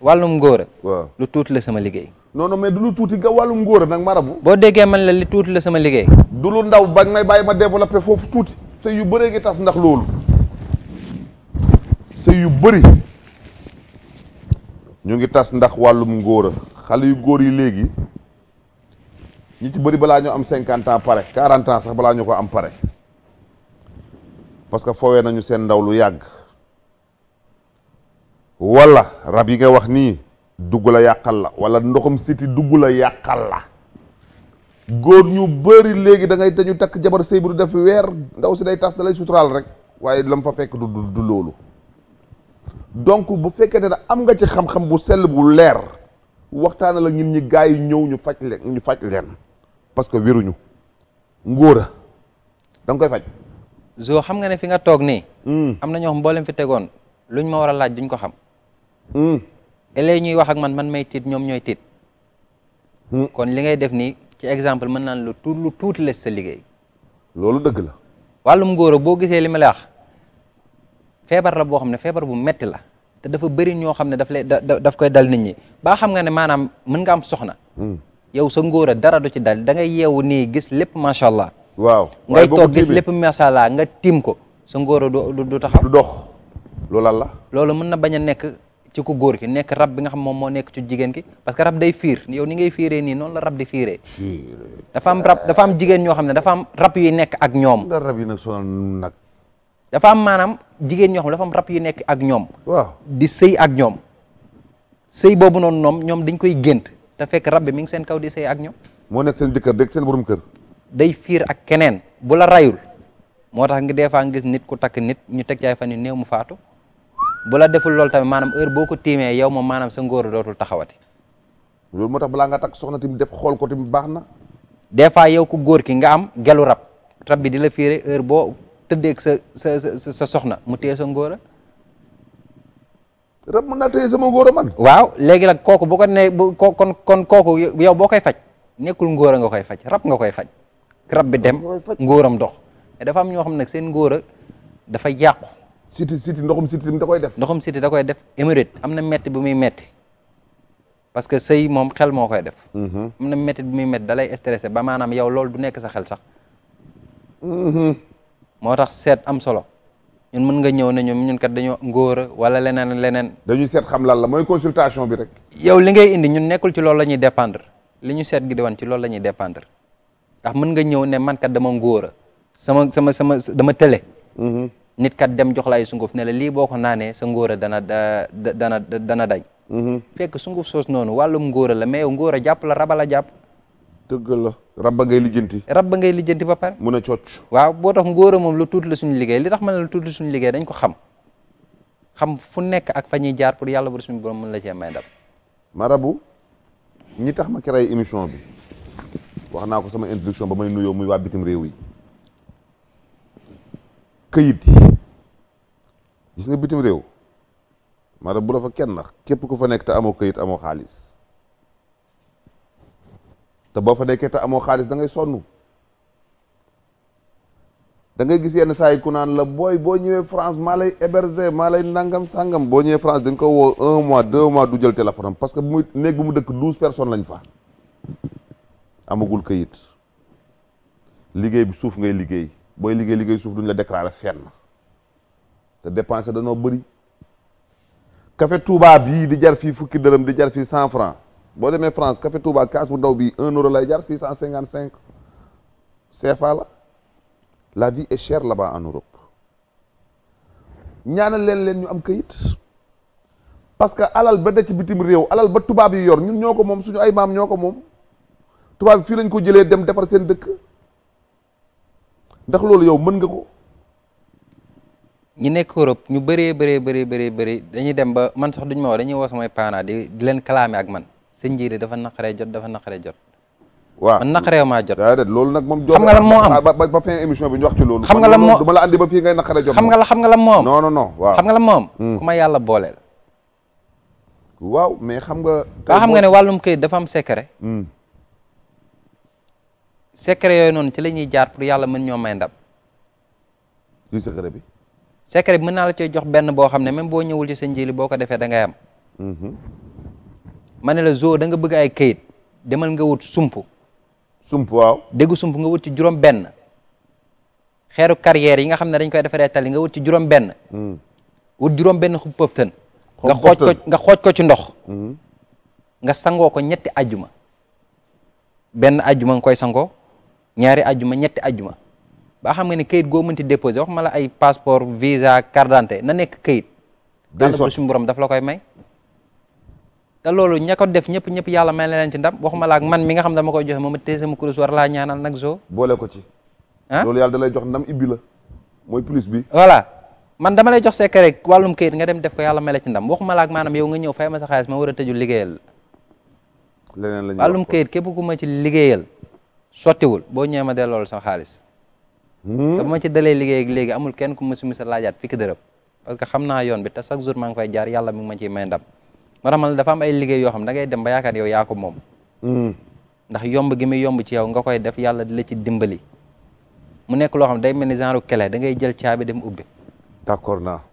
wàllum ngóora lu tuuti la sama liggéey non non mais du lu tuuti nga wàllum ngóora nag marabu boo déggee man la li tuuti la sama liggéey du lu ndaw ba may bàyyi ma développé foofu tuuti sëy yu bëree ngi tas ndax loolu sëy yu bëri ñu ngi tas ndax wàllum ngóora xale yu góor yi léegi ñi ci bëri balaa ñu am cinquante ans pare quarante ans sax balaa ñu ko am pare parce que foowee nañu seen ndaw lu yàgg wala rab yi nga wax nii dugg la yàqal la wala ndoxum siti dugg la yàqal la góor ñu bëri léegi da ngay dañu takk jabar sëy bu def weer ndaw si day tas da lay suturaal rek waaye lam fa fekk du du loolu donc bu fekkee ne am nga ci xam-xam bu sell bu leer waxtaana la ñun ñi gaa yi ñëw ñu faj leen ñu faj leen parce que wéruñu ngóor a da koy faj zo xam nga ne fi nga toog nii hmm. am na ñoo xam mboolem fi tegoon luñ ma war a laaj duñ ko xam Hmm. et ñuy wax ak man man may tiit ñoom ñooy tiit. Hmm. kon li ngay def nii ci exemple mën na lu tuut lu tuuti la sa liggéey. loolu dëgg la. wàllum ngóora boo gisee li ma la wax feebar la boo xam ne feebar bu metti la te dafa bëri ñoo xam ne daf lay daf koy dal nit ñi ba xam nga ne maanaam mën nga am soxna. Hmm. yow sa ngóora dara du ci dal da ngay yeewu nii gis lépp macha allah. waaw ngay lépp macha nga tiim ko sa ngóora du du taxaw. dox la. loolu mën na bañ nekk. ci ku góor ki nekk rab bi nga xam moom moo nekk ci jigéen ki parce que rab day fiir yow ni ngay fiiree ni noonu la rab di fiiree dafa am rab dafa am jigéen ñoo xam ne dafa am rab yuy nekk ak ñoom rab yi nag sonal nag dafa am maanaam jigéen ñoo xam dafa am rab yu nekk ak ñoom waaw di sëy ak ñoom sëy boobu noonu noom ñoom dañ koy gént te fekk rab bi mi ngi seen kaw di sëy ak ñoom moo nekk seen jëkkër dégg seen borom kër day fiir ak keneen bu la rayul moo tax nga des fois ngis nit ku takk nit ñu teg jaay fa yu néew mu faatu bu la deful loolu tamit maanaam heure boo ko tiimee yow moom maanaam sa ngóor dootul taxawati. loolu moo tax balaa nga takk soxna tamit def xool ko tamit baax na. des fois yow ku góor ki nga am gelu rab rab bi di la fiire heure boo tëddeeg sa sa sa sa soxna mu téye sa ngóora. rab mën sama ngóora man. waaw léegi nag kooku bu ko nee ko kon kon kooku yow boo koy faj nekkul ngóora nga koy faj rab nga koy faj. rab bi dem ngóoram dox. dafa am ñoo xam nag seen ngóora dafa yàqu. siti siti ndoxum siti da koy def. ndoxum siti da koy def émirate am na métti bu muy métti parce que sëy moom xel moo koy def. Mm-hmm. am na métti bu muy métti da lay ba maanaam yow loolu du nekk sa xel sax. Mm-hmm. moo tax seet am solo ñun mën nga ñëw ne ñoom dañoo ngóor wala leneen leneen. dañuy seet xam lan la mooy consultation bi rek. yow li ngay indi ñun nekkul ci loolu la ñuy dépendre li ñu seet gi di ci loolu la ñuy dépendre ndax mën nga ñëw ne man kat dama ngóor sama sama sama dama tële. nit kat dem jox la ay sunguf ne la lii boo ko naanee sa ngóora dana dana dana dañ mhm. fekk sunguf soos noonu wàllum ngóora la mais yow ngóora jàpp la raba la jàpp dëgg la rabba ngay lijjanti rabba ngay lijjanti ba pare mun a cooc waaw boo tax ngóora moom lu tuut la suñu liggéey li tax ma ne lu tuuti la suñu liggéey dañ ko xam xam fu nekk ak fa ñuy jaar pour yàlla bu suñu borom mën la cee may ndam marabu ñi tax ma créé émission bi wax naa ko sama introduction ba may nuyoo muy bitim réew yi gis nga bitim réew maanaam bu la fa kenn na képp ku fa nekk te amoo këyit amoo xaalis te boo fa nekkee te amoo xaalis da ngay sonn da gis yenn saa yi ku naan la booy boo ñëwee France maa lay héberger maa lay nangam sangam boo ñëwee France dañ ko woo un mois deux mois du jël téléphone am parce que bu muy néeg bu mu dëkk douze personnes lañ fa amagul këyit liggéey bi suuf ngay liggéey booy liggéey liggéey suuf duñ la déclarer fenn. te dépensé danoo bëri café Touba bii di jar fii fukki dërëm di jar fii cent franc boo demee France café Touba kaas bu ndaw bi un euro lay jar six cent cinquante cinq CFA la la vie est chère là-bas en Europe ñaanal leen leen ñu am kayit parce que alal ba da ci bitim réew alal ba tubaab yi yor ñun ñoo ko moom suñu ay maam ñoo ko moom tubaab yi fii lañ ko jëlee dem defar seen dëkk ndax loolu yow mën nga ko ñu nekk Europe ñu bëree bëree bëree bëree bëri dañuy dem ba man sax duñ ma woo dañuy woo samay parents di di leen kalaame ak man sëñ Ndiéli dafa naqaree jot dafa naqaree jot. waaw man naqaree maa jot. loolu nag moom. xam nga lan ba ba bi ñu wax ci loolu. xam nga lan moo du ma la andi ba fii ngay jot. xam nga la xam nga lan moo am non non waaw xam nga lan moo am. Hmm. ku ma yàlla booleel. mais xam nga. waa nga ne wàllum këyit dafa am hmm. secret. yooyu noonu ci la ñuy jaar pour yàlla mën ñoo may ndam. luy bi. secret bi mën naa la cee jox benn boo xam ne même boo ñëwul ci sa njëli boo ko defee da ngay am mhm. ma ne la zoo da nga bëgg ay kayit demal nga wut sump sump waaw déggu sump nga wut ci juróom benn xeeru carrière yi nga xam ne dañ koy defaree tali nga wut ci juróom benn mhm. wut juróom benn xub nga xooj ko ci ndox mhm. nga sangoo ko ñetti ajuma benn ajjuma nga koy sangoo ñaari ajjuma ñetti ajjuma ba xam nga ne kayit goo mënti déposé wax mala la ay passeport visa carte d'identité na nekk kayit daanaka suñu borom daf la koy may te loolu ña def ñëpp ñëpp yàlla may la leen ci ndam waxuma la ak man mi nga xam ne dama koy joxe moom tey sama kurus war laa ñaanal nag zoo boole ko ci ah loolu yàlla da jox ndam ibbi la mooy plus bi voilà man dama lay jox secret wàllum kayit nga dem def ko yàlla may la ci ndam waxuma la ak maanaam yow nga ñëw fay ma sa xaalis ma war a tëju liggéeyal leneen la wàllum kayit képp ku ma ci liggéeyal sottiwul boo ñëwee ma delloo sa xaalis Hmm? te ma ci dalee liggéey ak léegi amul kenn ku ma si mës a laajaat fii ki dërëm parce que xam naa yoon bi te chaque jour maa ngi fay jaar yàlla mi ngi ma ciy may ndam moo tax man ay liggéey yoo xam da ngay dem ba yaakaar yow yaa ko hmm. ndax yomb gi muy yomb ci yow nga koy def yàlla di la ci dimbali mu nekk loo xam day mel ni genre kele danga ngay jël caabi dem ubbi d'accord naa